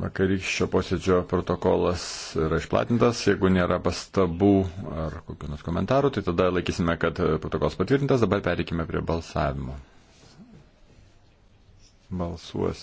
Vakarykščio posėdžio protokolas yra išplatintas. Jeigu nėra pastabų ar kokių nors komentarų, tai tada laikysime, kad protokolas patvirtintas. Dabar pereikime prie balsavimo. Balsuos.